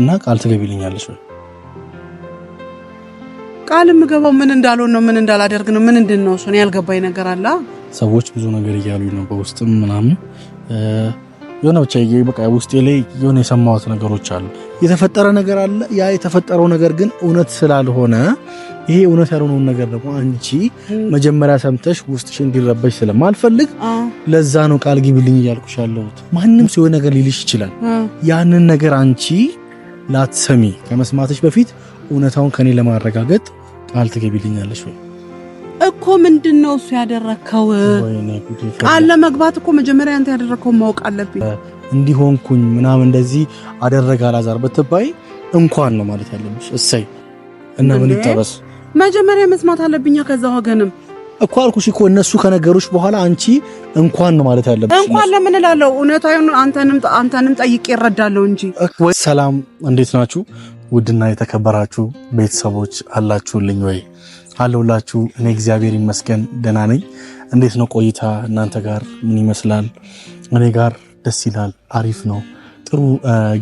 እና ቃል ትገቢልኛለች ወይ? ቃል የምገባው ምን እንዳልሆን ነው፣ ምን እንዳላደርግ ነው፣ ምን ነው? እሱን ያልገባኝ ነገር አለ። ሰዎች ብዙ ነገር እያሉኝ ነው፣ በውስጥም ምናምን የሆነ ብቻ በቃ ውስጤ ላይ የሆነ የሰማሁት ነገሮች አሉ። የተፈጠረ ነገር አለ። ያ የተፈጠረው ነገር ግን እውነት ስላልሆነ ይሄ እውነት ያልሆነውን ነገር ደግሞ አንቺ መጀመሪያ ሰምተሽ ውስጥሽ እንዲረበሽ ስለማልፈልግ ለዛ ነው ቃል ግቢልኝ እያልኩሽ ያለሁት። ማንም ሲሆን ነገር ሊልሽ ይችላል። ያንን ነገር አንቺ ላትሰሚ ከመስማትሽ በፊት እውነታውን ከኔ ለማረጋገጥ ቃል ትገቢልኛለሽ ወይ? እኮ ምንድን ነው እሱ ያደረከው? ቃል ለመግባት እኮ መጀመሪያ አንተ ያደረከውን ማወቅ አለብኝ። እንዲሆንኩኝ ምናምን እንደዚህ አደረገ አላዛር ብትባይ እንኳን ነው ማለት ያለብሽ። እሰይ እና ምን ይጠበስ መጀመሪያ መስማት አለብኛ ከዛ ወገንም እኮ አልኩሽ እኮ እነሱ ከነገሮች በኋላ አንቺ እንኳን ነው ማለት ያለብሽ። እንኳን ለምን እላለሁ? እውነታውን አንተንም አንተንም ጠይቄ እረዳለሁ እንጂ። ሰላም፣ እንዴት ናችሁ? ውድና የተከበራችሁ ቤተሰቦች አላችሁልኝ ወይ? አለሁላችሁ። እኔ እግዚአብሔር ይመስገን ደህና ነኝ። እንዴት ነው ቆይታ? እናንተ ጋር ምን ይመስላል? እኔ ጋር ደስ ይላል፣ አሪፍ ነው። ጥሩ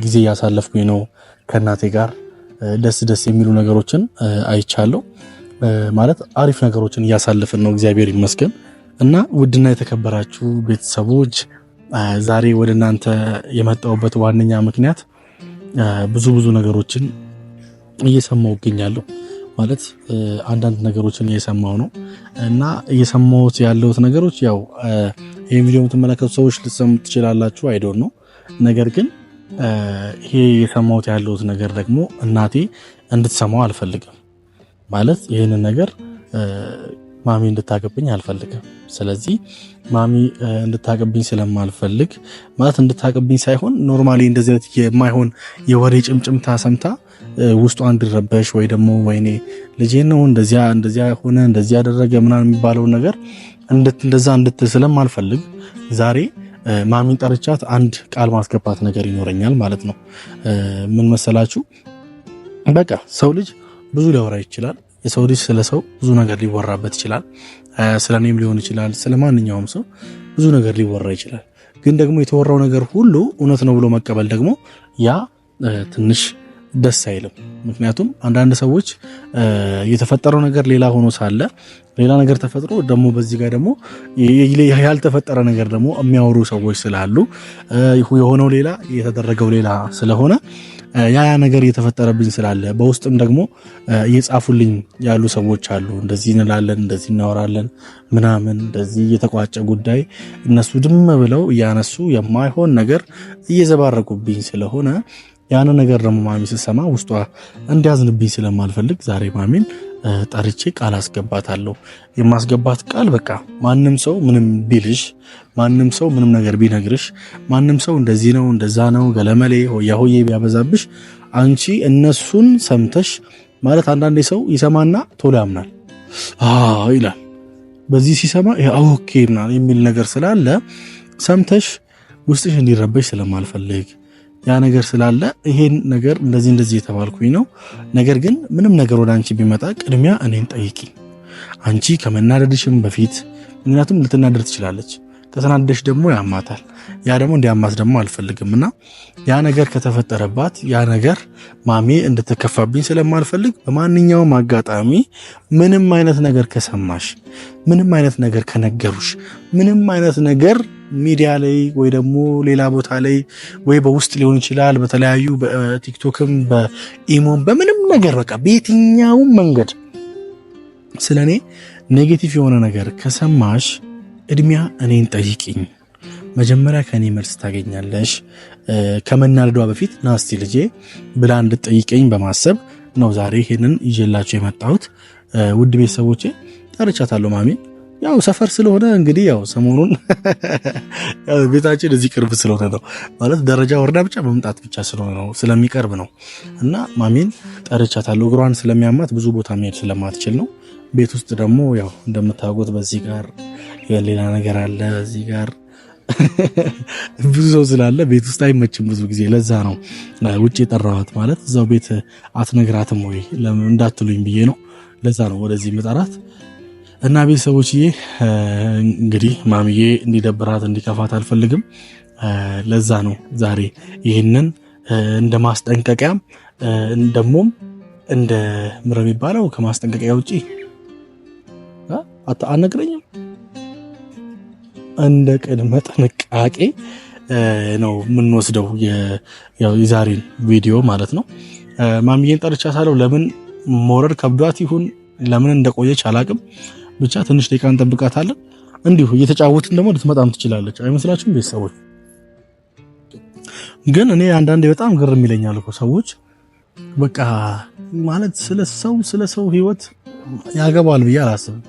ጊዜ እያሳለፍኩኝ ነው ከእናቴ ጋር። ደስ ደስ የሚሉ ነገሮችን አይቻለሁ። ማለት አሪፍ ነገሮችን እያሳለፍን ነው፣ እግዚአብሔር ይመስገን። እና ውድና የተከበራችሁ ቤተሰቦች ዛሬ ወደ እናንተ የመጣሁበት ዋነኛ ምክንያት ብዙ ብዙ ነገሮችን እየሰማሁ እገኛለሁ። ማለት አንዳንድ ነገሮችን እየሰማሁ ነው እና እየሰማሁት ያለሁት ነገሮች ያው ይህን ቪዲዮ የምትመለከቱ ሰዎች ልትሰሙ ትችላላችሁ፣ አይዶን ነው። ነገር ግን ይሄ እየሰማሁት ያለሁት ነገር ደግሞ እናቴ እንድትሰማው አልፈልግም ማለት ይህንን ነገር ማሚ እንድታገብኝ አልፈልግም። ስለዚህ ማሚ እንድታቅብኝ ስለማልፈልግ ማለት እንድታቅብኝ ሳይሆን ኖርማሊ እንደዚህ አይነት የማይሆን የወሬ ጭምጭምታ ሰምታ ውስጧ እንዲረበሽ ወይ ደግሞ ወይኔ ልጄ ነው እንደዚያ እንደዚያ ሆነ እንደዚያ ያደረገ ምናምን የሚባለውን ነገር እንደዛ እንድትል ስለማልፈልግ ዛሬ ማሚን ጠርቻት አንድ ቃል ማስገባት ነገር ይኖረኛል ማለት ነው። ምን መሰላችሁ? በቃ ሰው ልጅ ብዙ ሊያወራ ይችላል። የሰው ልጅ ስለ ሰው ብዙ ነገር ሊወራበት ይችላል። ስለ እኔም ሊሆን ይችላል። ስለ ማንኛውም ሰው ብዙ ነገር ሊወራ ይችላል። ግን ደግሞ የተወራው ነገር ሁሉ እውነት ነው ብሎ መቀበል ደግሞ ያ ትንሽ ደስ አይልም። ምክንያቱም አንዳንድ ሰዎች የተፈጠረው ነገር ሌላ ሆኖ ሳለ ሌላ ነገር ተፈጥሮ ደግሞ በዚህ ጋር ደግሞ ያልተፈጠረ ነገር ደግሞ የሚያወሩ ሰዎች ስላሉ የሆነው ሌላ የተደረገው ሌላ ስለሆነ ያ ያ ነገር እየተፈጠረብኝ ስላለ በውስጥም ደግሞ እየጻፉልኝ ያሉ ሰዎች አሉ። እንደዚህ እንላለን፣ እንደዚህ እናወራለን ምናምን እንደዚህ እየተቋጨ ጉዳይ እነሱ ድም ብለው እያነሱ የማይሆን ነገር እየዘባረቁብኝ ስለሆነ ያን ነገር ደግሞ ማሚ ስሰማ ውስጧ እንዲያዝንብኝ ስለማልፈልግ ዛሬ ማሚን ጠርቼ ቃል አስገባታለሁ። የማስገባት ቃል በቃ ማንም ሰው ምንም ቢልሽ፣ ማንም ሰው ምንም ነገር ቢነግርሽ፣ ማንም ሰው እንደዚህ ነው እንደዛ ነው ገለመሌ ሆያሆዬ ቢያበዛብሽ፣ አንቺ እነሱን ሰምተሽ ማለት አንዳንዴ ሰው ይሰማና ቶሎ ያምናል ይላል። በዚህ ሲሰማ ኦኬ ምናምን የሚል ነገር ስላለ ሰምተሽ ውስጥሽ እንዲረበሽ ስለማልፈልግ ያ ነገር ስላለ ይሄን ነገር እንደዚህ እንደዚህ የተባልኩኝ ነው። ነገር ግን ምንም ነገር ወደ አንቺ ቢመጣ ቅድሚያ እኔን ጠይቂ፣ አንቺ ከመናደድሽም በፊት ምክንያቱም ልትናደድ ትችላለች። ተሰናደሽ ደግሞ ያማታል። ያ ደግሞ እንዲያማት ደግሞ አልፈልግም እና ያ ነገር ከተፈጠረባት ያ ነገር ማሜ እንድትከፋብኝ ስለማልፈልግ በማንኛውም አጋጣሚ ምንም አይነት ነገር ከሰማሽ፣ ምንም አይነት ነገር ከነገሩሽ፣ ምንም አይነት ነገር ሚዲያ ላይ ወይ ደግሞ ሌላ ቦታ ላይ ወይ በውስጥ ሊሆን ይችላል በተለያዩ በቲክቶክም በኢሞም በምንም ነገር በቃ በየትኛውም መንገድ ስለ እኔ ኔጌቲቭ የሆነ ነገር ከሰማሽ እድሜያ እኔን ጠይቅኝ፣ መጀመሪያ ከእኔ መልስ ታገኛለሽ፣ ከመናልዷ በፊት ናስቲ ልጄ ብላ እንድጠይቀኝ በማሰብ ነው ዛሬ ይሄንን ይዤላቸው የመጣሁት። ውድ ቤተሰቦቼ ጠርቻታለሁ ማሚ ያው ሰፈር ስለሆነ እንግዲህ ያው ሰሞኑን ቤታችን እዚህ ቅርብ ስለሆነ ነው ማለት ደረጃ ወርዳ ብቻ መምጣት ብቻ ስለሆነ ነው ስለሚቀርብ ነው። እና ማሚን ጠርቻታለሁ። እግሯን ስለሚያማት ብዙ ቦታ መሄድ ስለማትችል ነው። ቤት ውስጥ ደግሞ ያው እንደምታውቁት በዚህ ጋር ሌላ ነገር አለ እዚህ ጋር ብዙ ሰው ስላለ ቤት ውስጥ አይመችም ብዙ ጊዜ። ለዛ ነው ውጭ የጠራዋት ማለት እዛው ቤት አትነግራትም ወይ እንዳትሉኝ ብዬ ነው። ለዛ ነው ወደዚህ መጠራት እና ቤተሰቦችዬ፣ እንግዲህ ማምዬ እንዲደብራት እንዲከፋት አልፈልግም። ለዛ ነው ዛሬ ይህንን እንደ ማስጠንቀቂያም ደግሞም እንደ ምረ የሚባለው ከማስጠንቀቂያ ውጭ አነግረኝም እንደ ቅድመ ጥንቃቄ ነው የምንወስደው የዛሬን ቪዲዮ ማለት ነው። ማሚዬን ጠርቻ ሳለው ለምን መውረድ ከብዷት ይሁን ለምን እንደቆየች አላቅም። ብቻ ትንሽ ደቂቃ እንጠብቃታለን። እንዲሁ እየተጫወትን ደግሞ ልትመጣም ትችላለች። አይመስላችሁም ቤተሰቦች? ግን እኔ አንዳንዴ በጣም ግርም ይለኛል እኮ ሰዎች በቃ ማለት ስለ ሰው ስለ ሰው ህይወት ያገባል ብዬ አላስብም።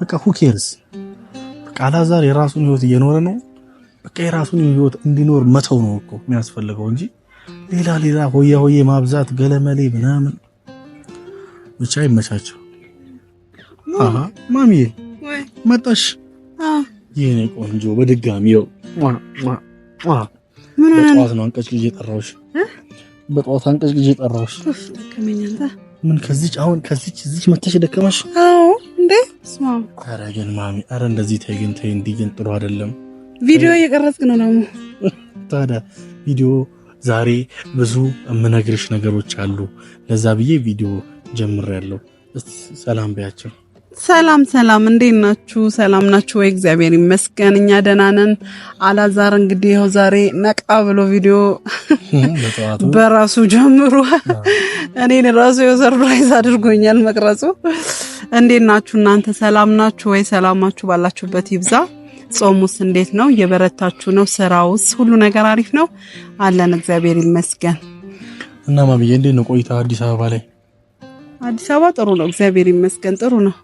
በቃ ሁኬርስ አላዛር የራሱን ህይወት እየኖረ ነው። በቃ የራሱን ህይወት እንዲኖር መተው ነው እኮ የሚያስፈልገው እንጂ ሌላ ሌላ ሆያ ሆዬ ማብዛት ገለመሌ ምናምን ብቻ ይመቻቸው። አሃ ማሚዬ መጣሽ? የኔ ቆንጆ በድጋሚ ው በጠዋት ነው አንቀጭ ጊዜ የጠራሁሽ። በጠዋት አንቀጭ ጊዜ የጠራሁሽ ምን ከዚች አሁን ከዚች እዚች መተሽ ደከመሽ? አዎ እንዴ? ኧረ ግን ማሚ፣ ኧረ እንደዚህ ተይ ግን ተይ፣ እንዲህ ግን ጥሩ አይደለም። ቪዲዮ እየቀረጽክ ነው ደግሞ። ታዲያ ቪዲዮ ዛሬ ብዙ የምነግርሽ ነገሮች አሉ። ለዛ ብዬ ቪዲዮ ጀምሬያለሁ። እስቲ ሰላም በያቸው። ሰላም ሰላም፣ እንዴት ናችሁ? ሰላም ናችሁ ወይ? እግዚአብሔር ይመስገን እኛ ደህና ነን። አላዛር እንግዲህ ይኸው ዛሬ ነቃ ብሎ ቪዲዮ በራሱ ጀምሯል። እኔን ራሱ የሰርፕራይዝ አድርጎኛል መቅረጹ እንዴት ናችሁ እናንተ? ሰላም ናችሁ ወይ? ሰላማችሁ ባላችሁበት ይብዛ። ጾሙስ እንዴት ነው? እየበረታችሁ ነው? ስራውስ ሁሉ ነገር አሪፍ ነው? አለን እግዚአብሔር ይመስገን። እና ማሚዬ እንዴት ነው ቆይታ አዲስ አበባ ላይ? አዲስ አበባ ጥሩ ነው፣ እግዚአብሔር ይመስገን። ጥሩ ነው፣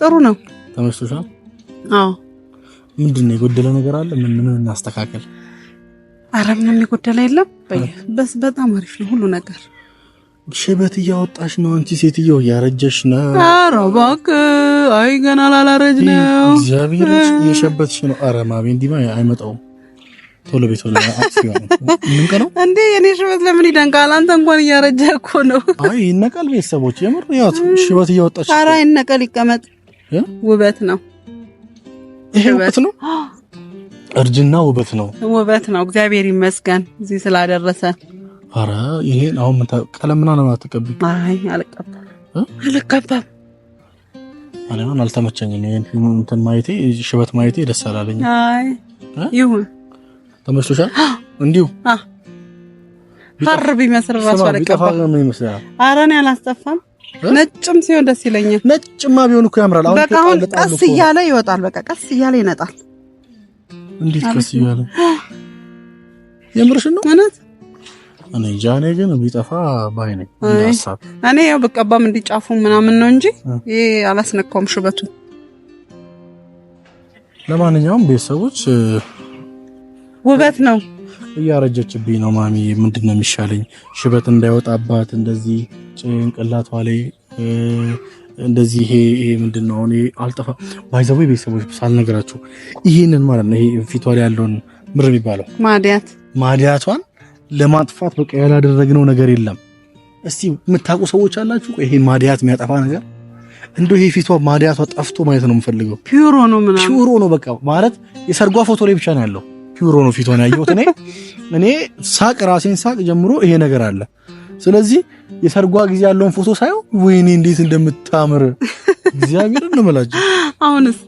ጥሩ ነው። ተመችቶሻል? አዎ። ምንድን ነው የጎደለ ነገር አለ? ምን ምን እናስተካከል? አረ ምንም የጎደለ የለም። በጣም አሪፍ ነው ሁሉ ነገር ሽበት እያወጣሽ ነው አንቺ ሴትዮ፣ እያረጀሽ ነው። ኧረ እባክህ፣ አይ ገና ላላረጅ ነው። እግዚአብሔር እየሸበትሽ ነው። ኧረ ማቤ እንዲህ አይመጣውም። ቶሎ ቤት ቶሎ ነው እንዴ? የኔ ሽበት ለምን ይደንቃል? አንተ እንኳን እያረጀ እኮ ነው። አይ ይነቃል። ቤተሰቦች የምር ያው ሽበት እያወጣሽ። ኧረ ይነቀል፣ ይቀመጥ። ውበት ነው ይሄ፣ ውበት ነው። እርጅና ውበት ነው፣ ውበት ነው። እግዚአብሔር ይመስገን እዚህ ስላደረሰን። ኧረ ይሄን አሁን ምን ቀለም ምናምን አትቀብኝ። አይ አልቀባም አልቀባም። አለማን አልተመቸኝም። ይሄን እንትን ማየቴ ሽበት ማየቴ ደስ አላለኝ። አይ ይሁን ተመችቶሻል? እንዲሁ ፈር ቢመስል ራሱ አልቀባም። ኧረ እኔ አላስጠፋም። ነጭም ሲሆን ደስ ይለኛል። ነጭማ ቢሆን እኮ ያምራል። በቃ አሁን ቀስ እያለ ይወጣል። በቃ ቀስ እያለ ይነጣል። እንዴት ቀስ እያለ የምርሽን ነው? እኔ እንጃ። እኔ ግን ቢጠፋ ባይ ነኝ። እኔ ያው በቀባም እንዲጫፉ ምናምን ነው እንጂ ይሄ አላስነካውም ሽበቱ። ለማንኛውም ቤተሰቦች ውበት ነው። እያረጀችብኝ ነው ማሚ። ምንድን ነው የሚሻለኝ? ሽበት እንዳይወጣባት እንደዚህ ጭንቅላቷ ላይ እንደዚህ ይሄ ይሄ ምንድን ነው አሁን አልጠፋ ባይዘው ቤተሰቦች ሳልነግራችሁ ይህንን ማለት ነው ይሄ ፊቷ ላይ ያለውን ምር የሚባለው ማዲያት ማዲያቷን ለማጥፋት በቃ ያላደረግነው ነገር የለም። እስቲ የምታውቁ ሰዎች አላችሁ ይሄ ማዲያት የሚያጠፋ ነገር እንዶ ይሄ ፊቷ ማዲያቷ ጠፍቶ ማየት ነው የምፈልገው። ፒውሮ ነው ምናምን ፒውሮ ነው በቃ ማለት የሰርጓ ፎቶ ላይ ብቻ ነው ያለው። ፒውሮ ነው ፊቷን ያየሁት እኔ እኔ ሳቅ ራሴን ሳቅ ጀምሮ ይሄ ነገር አለ። ስለዚህ የሰርጓ ጊዜ ያለውን ፎቶ ሳየው ወይኔ እንዴት እንደምታምር እግዚአብሔር ነው አሁንስ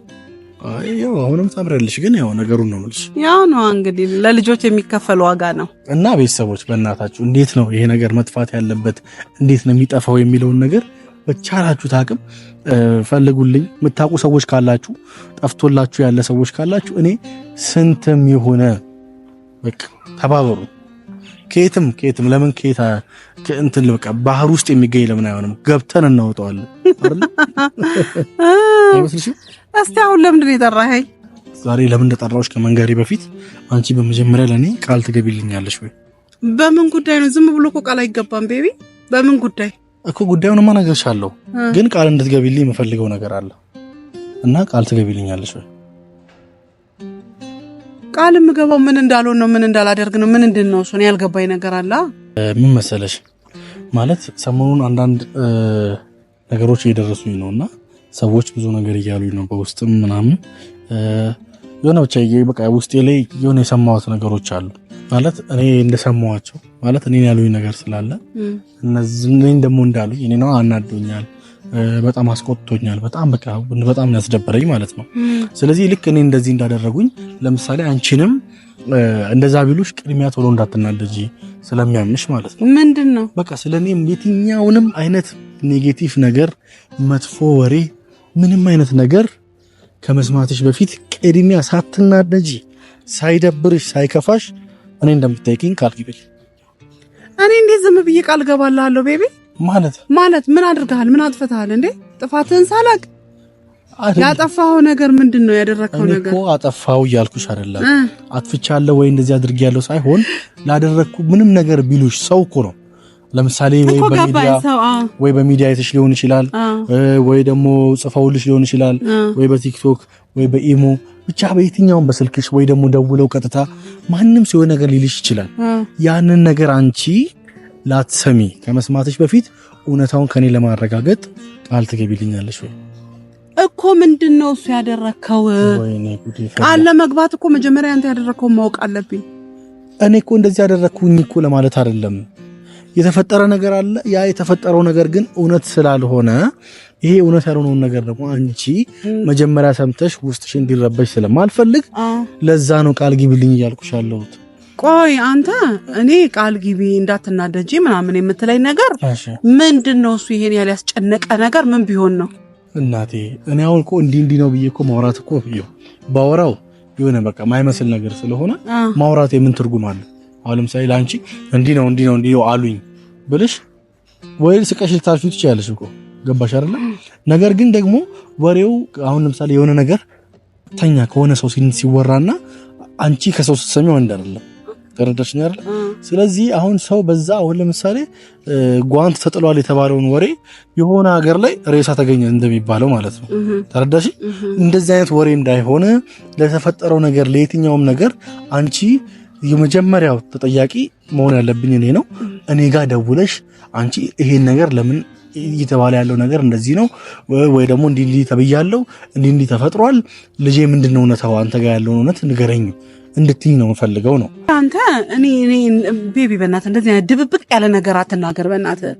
ያው አሁንም ታምራለች፣ ግን ያው ነገሩን ነው የምልሽ። ያው ነው እንግዲህ ለልጆች የሚከፈል ዋጋ ነው። እና ቤተሰቦች በእናታችሁ እንዴት ነው ይሄ ነገር መጥፋት ያለበት እንዴት ነው የሚጠፋው የሚለውን ነገር በቻላችሁት አቅም ፈልጉልኝ። የምታውቁ ሰዎች ካላችሁ፣ ጠፍቶላችሁ ያለ ሰዎች ካላችሁ እኔ ስንትም የሆነ በቃ ተባበሩ። ከየትም ከየትም ለምን ከየት እንትን በቃ ባህር ውስጥ የሚገኝ ለምን አይሆንም? ገብተን እናወጣዋለን አይመስልሽም? እስቲ አሁን ለምንድን ነው የጠራኸኝ? ዛሬ ለምን እንደጠራሁሽ ከመንገሬ በፊት አንቺ በመጀመሪያ ለእኔ ቃል ትገቢልኛለሽ ወይ? በምን ጉዳይ ነው? ዝም ብሎ እኮ ቃል አይገባም ቤቢ። በምን ጉዳይ እኮ ጉዳዩንማ እነግርሻለሁ፣ ግን ቃል እንድትገቢልኝ የምፈልገው ነገር አለ እና ቃል ትገቢልኛለሽ ወይ? ቃል የምገባው ምን እንዳልሆን ነው፣ ምን እንዳላደርግ ነው፣ ምን እንድን ነው? ያልገባኝ ነገር አለ። ምን መሰለሽ፣ ማለት ሰሞኑን አንዳንድ ነገሮች እየደረሱኝ ነው እና ሰዎች ብዙ ነገር እያሉ ነው በውስጥም ምናምን የሆነ ብቻ በቃ ውስጤ ላይ የሆነ የሰማሁት ነገሮች አሉ ማለት እኔ እንደሰማዋቸው ማለት እኔን ያሉኝ ነገር ስላለ እነዚህ ደግሞ እንዳሉ እኔ ነው አናዶኛል፣ በጣም አስቆጥቶኛል፣ በጣም በቃ በጣም ያስደበረኝ ማለት ነው። ስለዚህ ልክ እኔ እንደዚህ እንዳደረጉኝ ለምሳሌ አንቺንም እንደዛ ቢሉሽ ቅድሚያ ቶሎ እንዳትናደጂ ስለሚያምንሽ ማለት ነው። ምንድን ነው በቃ ስለእኔም የትኛውንም አይነት ኔጌቲቭ ነገር መጥፎ ወሬ ምንም አይነት ነገር ከመስማትሽ በፊት ቅድሚያ ሳትናደጂ ሳይደብርሽ ሳይከፋሽ እኔ እንደምታይቂኝ ቃል ግቢል። እኔ እንዴት ዝም ብዬ ቃል ገባላለሁ? ቤቢ ማለት ማለት ምን አድርገሃል? ምን አጥፍተሃል? እንዴ ጥፋትህን ሳላቅ ያጠፋኸው ነገር ምንድን ነው? ያደረግከው ነገር እኮ አጠፋው እያልኩሽ አይደለም። አጥፍቻለሁ ወይ እንደዚህ አድርጌያለሁ ሳይሆን ላደረግኩ ምንም ነገር ቢሉሽ ሰው እኮ ነው ለምሳሌ ወይ በሚዲያ አይተሽ ሊሆን ይችላል፣ ወይ ደግሞ ጽፈውልሽ ሊሆን ይችላል፣ ወይ በቲክቶክ ወይ በኢሞ ብቻ በየትኛውም በስልክሽ ወይ ደግሞ ደውለው ቀጥታ ማንም ሲሆን ነገር ሊልሽ ይችላል። ያንን ነገር አንቺ ላትሰሚ ከመስማትሽ በፊት እውነታውን ከኔ ለማረጋገጥ ቃል ትገቢልኛለሽ ወይ እኮ ምንድን ነው እሱ ያደረከው? ቃል ለመግባት እኮ መጀመሪያ አንተ ያደረከውን ማወቅ አለብኝ። እኔ እኮ እንደዚህ ያደረግኩኝ እኮ ለማለት አይደለም የተፈጠረ ነገር አለ። ያ የተፈጠረው ነገር ግን እውነት ስላልሆነ ይሄ እውነት ያልሆነውን ነገር ደግሞ አንቺ መጀመሪያ ሰምተሽ ውስጥሽ እንዲረበሽ ስለማልፈልግ ለዛ ነው ቃል ግቢልኝ እያልኩሽ ያለሁት። ቆይ አንተ እኔ ቃል ግቢ እንዳትናደጂ ምናምን የምትለኝ ነገር ምንድን ነው? እሱ ይሄን ያህል ያስጨነቀ ነገር ምን ቢሆን ነው? እናቴ እኔ አሁን እኮ እንዲህ እንዲህ ነው ብዬ እኮ ማውራት እኮ ባወራው የሆነ በቃ ማይመስል ነገር ስለሆነ ማውራት የምን ትርጉም አለው? አሁን ለምሳሌ ለአንቺ እንዲህ ነው እንዲህ ነው እንዲህ ነው አሉኝ ብልሽ ወይ ስቀሽ ልታልፊ ትችያለሽ እኮ ገባሽ አይደለ? ነገር ግን ደግሞ ወሬው አሁን ለምሳሌ የሆነ ነገር ተኛ ከሆነ ሰው ሲወራና አንቺ ከሰው ስትሰሚ ወንድ አይደለም ተረዳሽ ነው አይደለ? ስለዚህ አሁን ሰው በዛ አሁን ለምሳሌ ጓንት ተጥሏል የተባለውን ወሬ የሆነ ሀገር ላይ ሬሳ ተገኘ እንደሚባለው ማለት ነው። ተረዳሽ? እንደዚህ አይነት ወሬ እንዳይሆነ ለተፈጠረው ነገር ለየትኛውም ነገር አንቺ የመጀመሪያው ተጠያቂ መሆን ያለብኝ እኔ ነው። እኔ ጋር ደውለሽ አንቺ ይሄን ነገር ለምን እየተባለ ያለው ነገር እንደዚህ ነው ወይ ደግሞ እንዲህ እንዲህ ተብያለሁ፣ እንዲህ እንዲህ ተፈጥሯል፣ ልጄ ምንድን ነው እውነታው፣ አንተ ጋር ያለውን እውነት ንገረኝ እንድትኝ ነው የምፈልገው ነው። አንተ እኔ እኔ ቤቢ በእናትህ እንደዚህ አይነት ድብብቅ ያለ ነገር አትናገር በእናትህ።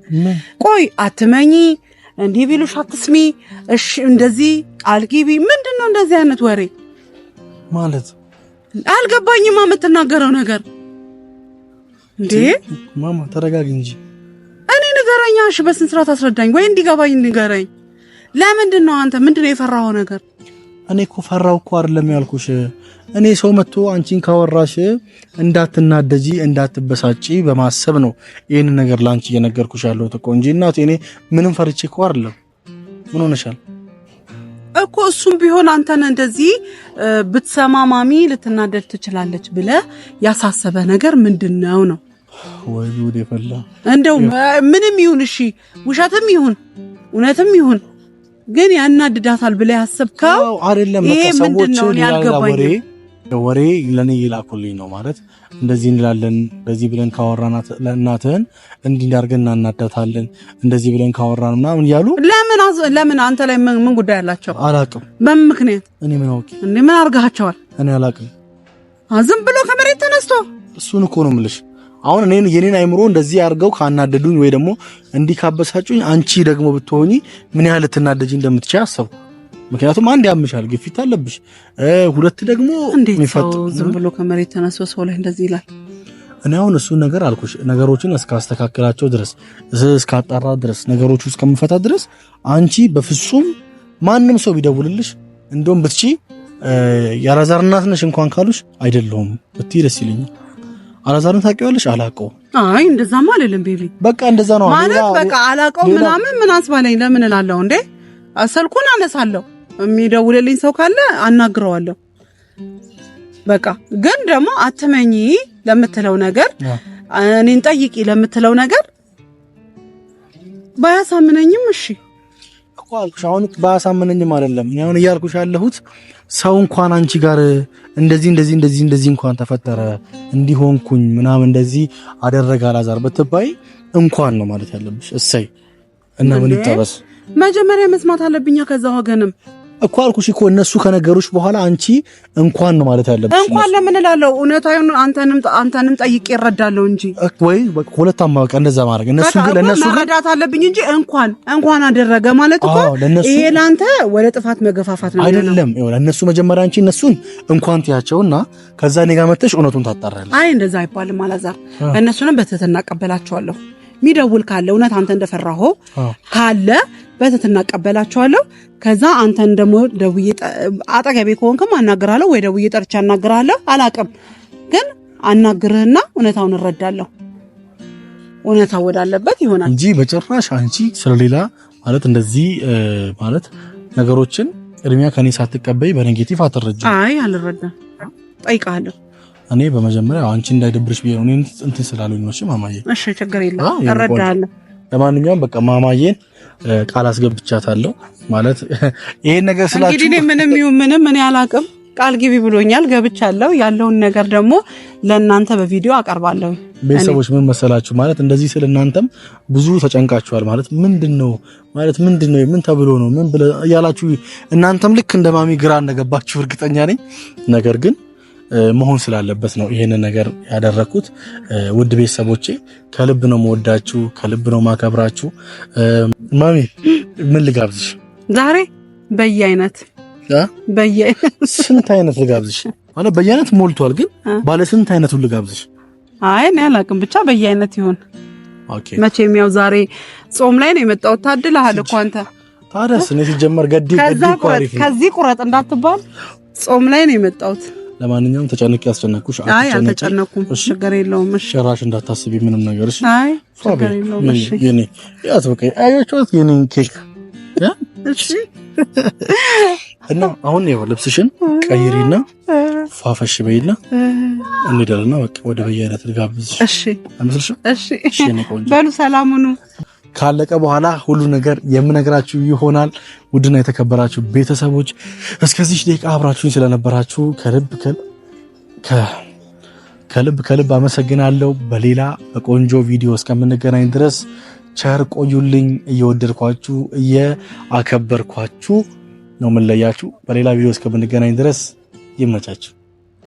ቆይ አትመኝ፣ እንዲህ ቢሉሽ አትስሚ፣ እሺ፣ እንደዚህ ቃል ግቢ። ምንድን ነው እንደዚህ አይነት ወሬ ማለት አልገባኝም የምትናገረው ነገር እንዴ። ማማ ተረጋጊ እንጂ እኔ ንገረኛ። እሺ በስንት ስርዓት አስረዳኝ ወይ እንዲገባኝ ንገረኝ። ለምንድን ነው አንተ ምንድን ነው የፈራኸው ነገር? እኔ እኮ ፈራው እኮ አይደለም ያልኩሽ። እኔ ሰው መጥቶ አንቺን ካወራሽ እንዳትናደጂ እንዳትበሳጪ በማሰብ ነው ይህንን ነገር ላንቺ እየነገርኩሽ ያለሁት እኮ እንጂ እናቴ፣ እኔ ምንም ፈርቼ እኮ አይደለም። ምን ሆነሻል? እኮ እሱም ቢሆን አንተን እንደዚህ ብትሰማ ማሚ ልትናደድ ትችላለች ብለ ያሳሰበ ነገር ምንድን ነው ነው? ወይ ጉድ የፈላ እንደው ምንም ይሁን እሺ፣ ውሸትም ይሁን እውነትም ይሁን ግን ያናድዳታል ብለ ያሰብከው አይደለም። ሰዎች ያልገባኝ ወሬ ለእኔ የላኩልኝ ነው ማለት እንደዚህ እንላለን፣ እንደዚህ ብለን ካወራን እናትህን እንዲህ እንዳርገን እናናዳታለን፣ እንደዚህ ብለን ካወራን ምናምን እያሉ ለምን አንተ ላይ ምን ጉዳይ አላቸው? አላቅም። በምን ምክንያት እኔ ምን አውቄ እንዴ? ምን አርጋቸዋል? እኔ አላቅም። ዝም ብሎ ከመሬት ተነስቶ እሱን እኮ ነው ምልሽ አሁን እኔን የኔን አይምሮ እንደዚህ አድርገው ካናደዱኝ ወይ ደግሞ እንዲህ ካበሳጩኝ አንቺ ደግሞ ብትሆኚ ምን ያህል ልትናደጅ እንደምትችል አሰብኩ። ምክንያቱም አንድ ያምሻል፣ ግፊት አለብሽ። ሁለት ደግሞ እንዴት ዝም ብሎ ከመሬት ተነስቶ ሰው ላይ እንደዚህ ይላል? እኔ አሁን እሱ ነገር አልኩሽ፣ ነገሮችን እስካስተካከላቸው ድረስ እስካጣራ ድረስ ነገሮቹ እስከምፈታ ድረስ አንቺ በፍጹም ማንም ሰው ቢደውልልሽ እንደውም ብትቺ የአላዛር እናት ነሽ እንኳን ካሉሽ አይደለሁም ብትይ ደስ ይለኛል። አላዛርን ታውቂዋለሽ? አላውቀው። አይ እንደዛማ አልልም ቤቢ፣ በቃ እንደዛ ነው ማለት በቃ አላውቀው ምናምን ምን አስባለኝ ለምን እላለሁ እንዴ? ስልኩን አነሳለሁ የሚደውልልኝ ሰው ካለ አናግረዋለሁ። በቃ ግን ደግሞ አትመኝ ለምትለው ነገር እኔን ጠይቂ ለምትለው ነገር ባያሳምነኝም እሺ እኮ አልኩሽ። አሁን ባያሳምነኝም አይደለም እኔ አሁን እያልኩሽ ያለሁት ሰው እንኳን አንቺ ጋር እንደዚህ እንደዚህ እንደዚህ እንደዚህ እንኳን ተፈጠረ እንዲሆንኩኝ ምናምን እንደዚህ አደረገ አላዛር ብትባይ እንኳን ነው ማለት ያለብሽ። እሰይ እና ምን ይጠበስ መጀመሪያ መስማት አለብኛ ከዛ ወገንም እኮ አልኩሽ እኮ እነሱ ከነገሮች በኋላ አንቺ እንኳን ነው ማለት ያለብሽ። እንኳን ለምን እላለሁ? እውነታውን አንተንም አንተንም ጠይቄ እረዳለሁ እንጂ ወይ ሁለት አማወቅ እንደዛ ማድረግ እነሱ ግን ለነሱ መረዳት አለብኝ እንጂ እንኳን እንኳን አደረገ ማለት እኮ ይሄ ለአንተ ወደ ጥፋት መገፋፋት ነው አይደለም? ይኸውልህ እነሱ መጀመሪያ አንቺ እነሱን እንኳን ትያቸውና ከዛ እኔ ጋር መተሽ እውነቱን ታጣራለሽ። አይ እንደዛ አይባልም አላዛር። እነሱንም በትህትና እቀበላቸዋለሁ የሚደውል ካለ እውነት አንተ እንደፈራሆ ካለ በትት እናቀበላቸዋለሁ። ከዛ አንተን ደግሞ ደውዬ አጠገቤ ከሆንክም አናግርሃለሁ ወይ ደውዬ ጠርቼ አናግርሃለሁ። አላቅም ግን አናግርህና እውነታውን እረዳለሁ። እውነታው ወዳለበት ይሆናል እንጂ በጭራሽ አንቺ ስለሌላ ማለት እንደዚህ ማለት ነገሮችን እድሜያ ከኔ ሳትቀበይ በኔጌቲቭ አትረጅም። አይ አልረዳ ጠይቃለሁ እኔ በመጀመሪያ አንቺ እንዳይደብርሽ ብዬ ነው። እኔን እንትን ስላሉኝ ነው። ማማዬ፣ እሺ ችግር የለም እረዳለሁ። ለማንኛውም በቃ ማማዬን ቃል አስገብቻታለሁ ማለት ይሄን ነገር ስላችሁ እንግዲህ ምንም ይሁን ምንም እኔ አላውቅም። ቃል ግቢ ብሎኛል፣ ገብቻለሁ። ያለውን ነገር ደግሞ ለእናንተ በቪዲዮ አቀርባለሁ። ቤተሰቦች ምን መሰላችሁ ማለት እንደዚህ ስል እናንተም ብዙ ተጨንቃችኋል። ማለት ምንድን ነው ማለት ምንድን ነው ምን ተብሎ ነው ምን ብለ እያላችሁ እናንተም ልክ እንደማሚ ግራ እንደገባችሁ እርግጠኛ ነኝ ነገር ግን መሆን ስላለበት ነው ይሄን ነገር ያደረግኩት። ውድ ቤተሰቦቼ ከልብ ነው መወዳችሁ፣ ከልብ ነው ማከብራችሁ። ማሚ ምን ልጋብዝሽ ዛሬ? በየአይነት ስንት አይነት ልጋብዝሽ? ማለት በየአይነት ሞልቷል፣ ግን ባለ ስንት አይነቱ ልጋብዝሽ? አይ እኔ አላቅም፣ ብቻ በየአይነት ይሁን። መቼም ያው ዛሬ ጾም ላይ ነው የመጣሁት። ታድለሃል እኮ አንተ። ታዲያስ እኔ ሲጀመር ገዲ ቁረጥ፣ ከዚህ ቁረጥ እንዳትባል ጾም ላይ ነው የመጣሁት። ለማንኛውም ተጨነቂ ያስጨነቅኩሽ? አይ አልተጨነኩም፣ ችግር የለውም። እሺ እንዳታስቢ ምንም ነገር። እሺ አይ ችግር የለውም። እሺ የኔ ያት በቃ አያችሁት የኔን ኬክ። እሺ እና አሁን ያው ልብስሽን ቀይሪና ፋፈሽ በይና እንደለና በቃ ወደ በየአይነት ልጋብዝሽ። እሺ አምስልሽ። እሺ እሺ በሉ ሰላሙኑ ካለቀ በኋላ ሁሉ ነገር የምነግራችሁ ይሆናል። ውድና የተከበራችሁ ቤተሰቦች እስከዚህ ደቂቃ አብራችሁኝ ስለነበራችሁ ከልብ ከልብ ከልብ አመሰግናለሁ። በሌላ በቆንጆ ቪዲዮ እስከምንገናኝ ድረስ ቸር ቆዩልኝ። እየወደድኳችሁ እየአከበርኳችሁ ነው የምንለያችሁ። በሌላ ቪዲዮ እስከምንገናኝ ድረስ ይመቻችሁ።